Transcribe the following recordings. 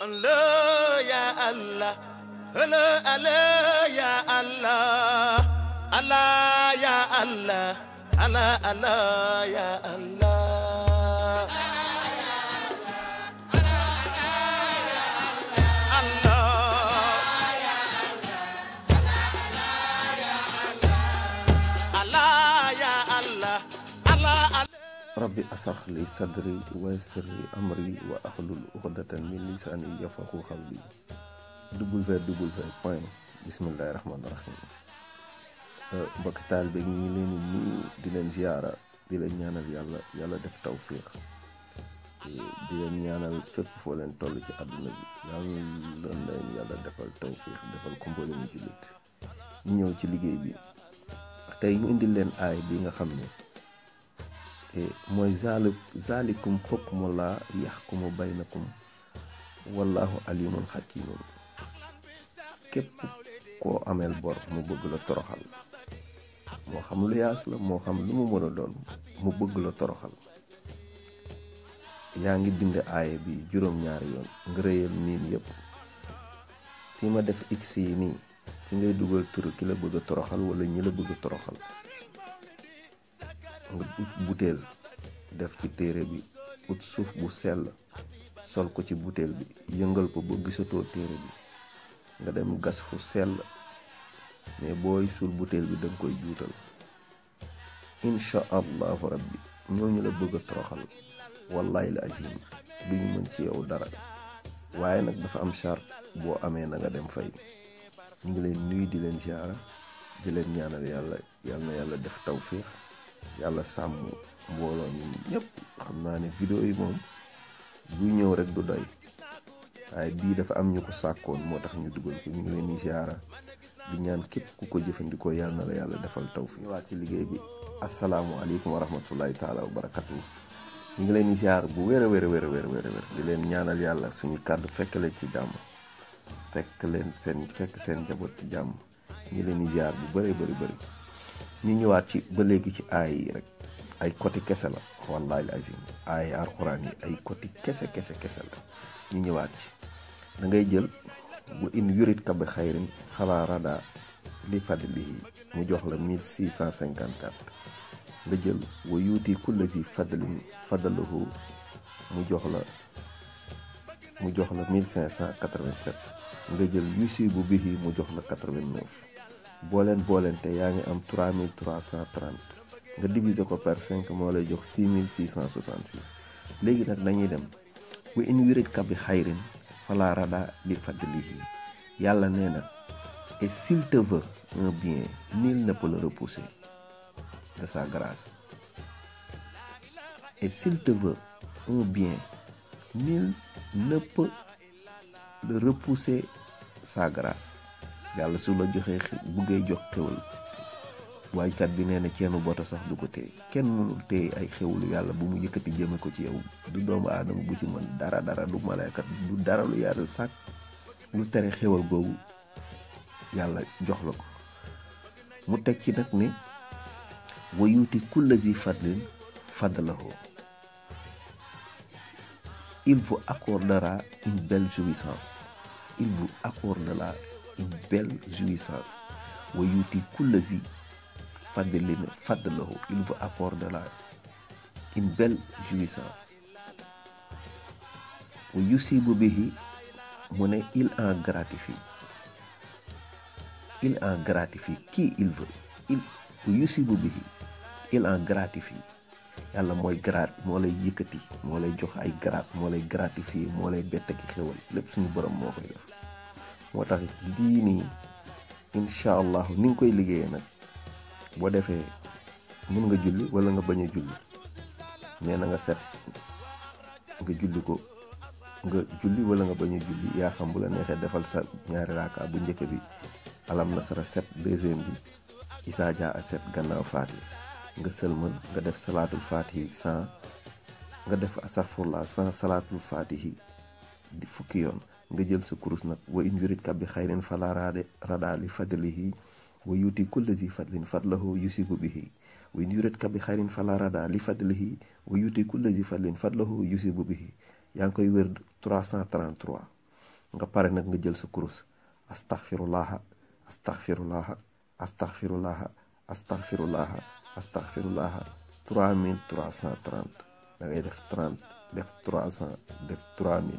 لا يا الله لا ألا يا الله ألا يا الله ألا ألا يا الله rabbi asrax li sadri wa yassir li amri wa axlul uqdatan min lisaani yafqahu qawli www point bismillahi rahmaani rahim euh, mbokki taalibe bi ñu leen nii di leen ziyaara di leen ñaanal yàlla yàlla def tawfiq di leen ñaanal fépp foo leen toll ci àdduna bi yàlla ñu doon leen yàlla defal tawfiq defal ko jullit ñu ñëw ci liggéey bi tey ñu indil leen aay bi nga xam ne mooy zaali zaalikum xukmullah yaxkumu baynakum wallahu alimun xakimun képp koo ameel bor mu bëgg la toroxal moo xam lu yaas la moo xam lu mu mën a doon mu bëgg la toroxal yaa ngi bind aaya bi juróom-ñaari yoon nga rëyal miin yëpp fi ma def x yi nii ci ngay dugal turu ki la bëgg toroxal wala ñi la bëgg a toroxal nga ut butel def ci téré bi ut suuf bu sel, sol ko ci butel bi yëngal ko ba gisatoo téré bi nga dem gas fu sel, mais boy sul butel bi danga koy joutal insha allah rabbi ñooñu la bëgg toroxal wallahi la azim duñu mën ci yow dara waye nag dafa am char bo amé na nga dem fay ñu ngi leen nuy di leen ziarah di leen ñaanal yalla yalla yalla def tawfiq yalla sam mbolo ñun ñep xamna naa ne vidéo yi mom bu ñew rek du doy ay bi dafa am ñuko sakkon motax ñu duggal ci ñu leen ni ziara di ñaan kep ku ko jëfëndiko yalla na la yalla defal taw fi ñëwaat ci liggéey bi alaykum wa rahmatullahi taala wa barakatuh ñu ngi leen ni ziar bu wér a wér a wér a di leen ñaanal yalla suñu kaddu fekk la ci jamm fekk leen seen fekk seen njaboot ci jamm ñu leen ni ziar bu bëree bëri bëri ñu ñëwaat ci ba léegi ci aay yi rek ay côté kese la wallahi azim ay alxuraan yi ay côté kese kese kese la ñu ñëwaat ci da ngay jël bu in yurit ka bi xayrin xalaa rada li fadlihi mu jox la 1654 nga jël wa yuuti kulla si fadlin fadlahu mu jox la mu jox la 1587 nga jël yusi bu bihi mu jox la 89 booleen leen boolente yaa ngi am 3330 nga diviser ko par 5 moo lay jox 6666 léegi nag dañuy dem bu in wiridka xayrin fala rada li fadlihi yàlla nee na et s'il te veut un bien nul ne peut le repousser de sa grâce yàlla su la joxee buggee jox xewal waajkat bi nee na ceenu boto sax du ko téye kenn mënul téye ay xewlu yàlla bu mu yëkkati jëme ko ci yow du doomu aadama bu ci mën dara dara du malaykat du dara lu yàlla sàkk lu tere xewal googu yàlla jox la ko mu teg ci nag ne wa yuuti kulla zi fadlin fadlahu il vous accordera une belle jouissance il vous accordera une belle jouissance. Woyuti Kulazi Fadelene Fadelo, il veut apporter là une belle jouissance. Woyusi Bubihi, mon il en gratifie. Il en gratifie qui il veut. Il, Woyusi Bubihi, il en gratifie. Yalla moy grat mo lay yëkëti mo lay jox ay grat mo lay gratifié, mo lay bëtt ak xewal lepp suñu borom mo koy moo tax lii nii incha allahu ni koy liggéeyee nag boo defee mën nga julli wala nga bañ a julli nee na nga set nga julli ko nga julli wala nga bañ a julli yaa xam bu la neexee defal sa ñaari raaka bu njëkk bi alam nasara set deuxième bi isaa jaa a set gannaaw faati nga sëlmal nga def salaatul faatihi sans nga def asafurla sans salaatul faatihi di fukki yoon nga jël sa kurus nag wa in ka bi xayrin fala raade radaa li fadlihi wa yuuti kulli zi fadlin fadlahu yusibu bihi wa in yuridka bi xayrin fala radaa li fadlihi wa yuuti kulli zi fadlin fadlahu yusibu bihi yaa ngi koy wér 333 nga pare nag nga jël sa kurus astaghfirullaha astaghfirullaha astaghfirullaha astaghfirullaha astaghfirullaha 3330 da ngay def 30 def 300 def 3000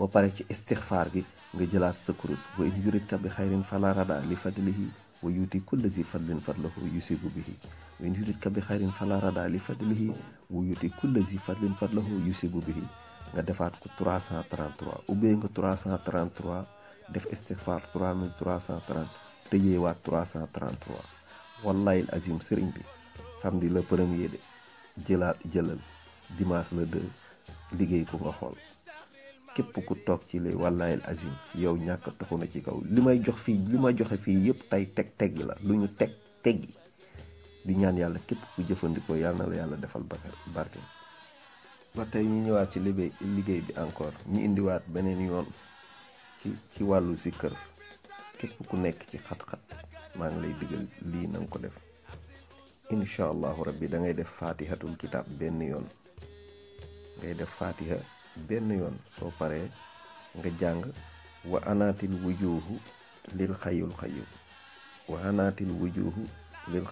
ba pare ci istixfaar gi nga jëlaat sa kurus wa in yuridka bi xayrin fala rada li fadlihi wa yuuti kulli zi fadlin fadlahu yusibu bihi wa in yuridka bi xayrin fala rada li fadlihi wa yuuti la zi fadlin fadlahu yusibu bihi nga defaat ko 333 ubbee nga 333 def istixfaar 3330 tëjeewaat 333 wallahi azim sëriñ bi samedi la premier de jëlaat jëlal dimanche le deux liggéey ko nga xool képp ku toog ci lay wàllaayil azim yow ñàkk toxu na ci kaw li may jox fii li may joxe fii yëpp tey teg teggi la lu ñu teg teggi di ñaan yàlla képp ku jëfandikoo yàlla na la yàlla defal barke ba tey ñu ñëwaat ci liggéey liggéey bi encore ñu indiwaat beneen yoon ci ci wàllu zikkër képp ku nekk ci xat-xat maa ngi lay digal lii na ko def incha allahu rabbi da ngay def fatihatul kitab benn yoon ngay def fatiha benn yoon soo paree nga jàng wa anaatil wujuhu lil xayul xayum wa anaatil wujuhu lil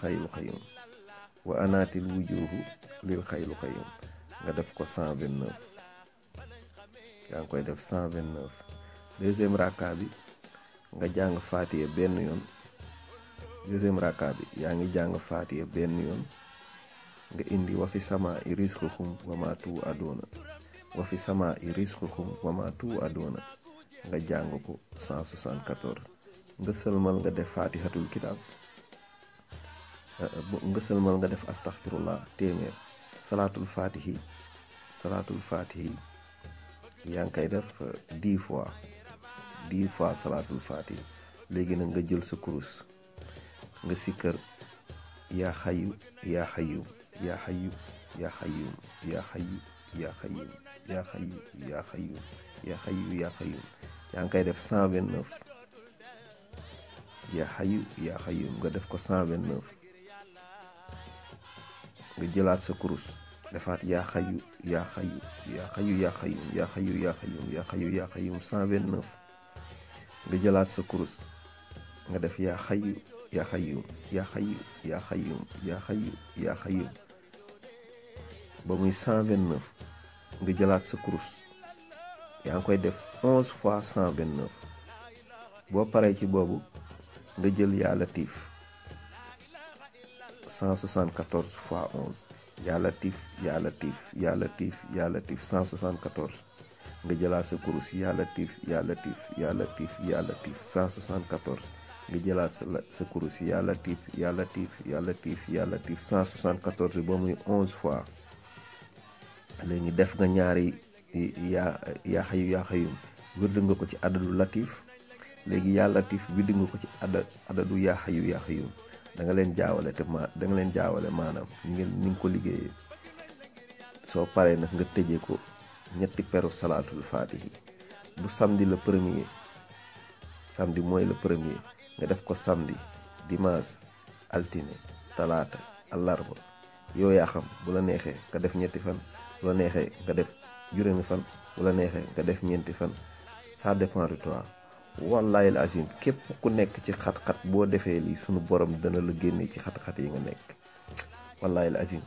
xayul xayul nga def ko 129 yaa ngi koy def 129 deuxième raka bi nga jàng faatiye benn yoon deuxième raka yaa ngi jàng faatiye benn yoon nga indi wa fi sama i risque xum wa ma tu adoona wa fi sama i risqukum wa ma tu adoona nga jàng ko 174 nga sëlmal nga def fatihatul kitab nga sëlmal nga def astaxfirullah téeméer salaatul fatihi salaatul fatihi yaa ngi koy def euh, dix fois dix fois salaatul fatihi léegi nag nga jël sa kurus nga sikkër yaa yaa xayu yaa xayu yaa xayu yaa xayu yaa xayyum yaa xayu yaa xayyum yaa xayu yaa xayyum yaa ngi koy def cent vingt neuf yaa xayu yaa xayyum nga def ko cent vingt neuf nga jëlaat sa kurus defaat yaa xayu yaa xayu yaa xayu yaa xayyum yaa xayu yaa xayyum yaa xayu yaa xayyum cent vingt neuf nga jëlaat sa kurus nga def yaa xayu yaa xayyum yaa xayu yaa xayyum yaa xayu yaa xayyum ba muy cent nga jëlaat sa kurus yaa ngi koy def onze fois cent boo paree ci boobu nga jël yaa latif cent soixante quatorze fois onze yaa latif yaa latif yaa latif yaa latif cent soixante quatorze nga jëlaat sa kurus yaa latif yaa latif yaa latif yaa latif jëlaat sa kurus yaa latif yaa latif yaa latif yaa latif cent soixante quatorze ba muy onze fois léegi def nga ñaari yaa yaa xayu yaa xayum wirdu nga ko ci adadu latif léegi yaa latif wirdu nga ko ci ada adadu yaa xayu yaa xayum da leen jaawale te ma leen jaawale maanaam ni ngeen ni nga ko liggéeyee soo paree nag nga tëjee ko ñetti peru salaatul faatihi du samedi le premier samedi mooy le premier nga def ko samedi dimaas altine talaata àllarba yow yaa xam bu la neexee nga def ñetti fan bu la neexee nga def juróomi fan bu la neexee nga def ñeenti fan ça dépend de képp ku nekk ci xat-xat boo defee lii sunu borom dana la génne ci xat-xat yi nga nekk wallahi azim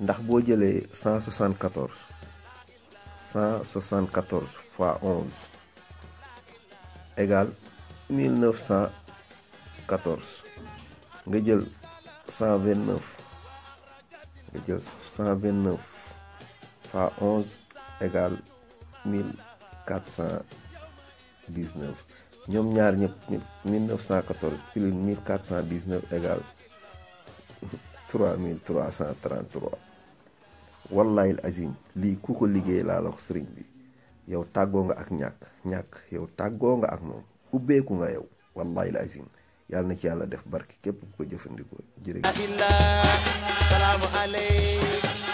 ndax boo jëlee 174 174 fois 11 égale 1914 nga jël 129 nga jël 129 fois 11 égale 1419 ñoom ñaar ñëpp 1914 plus 1419 égale 3333 wallahi al azim li ku ko liggéey la la ko bi yow taggo nga ak ñak ñak yow taggo nga ak mom moom ku nga yow wallahi al azim yalla na ci yalla def barki képp ku ko jëfëndiko jërë salaamu aleykum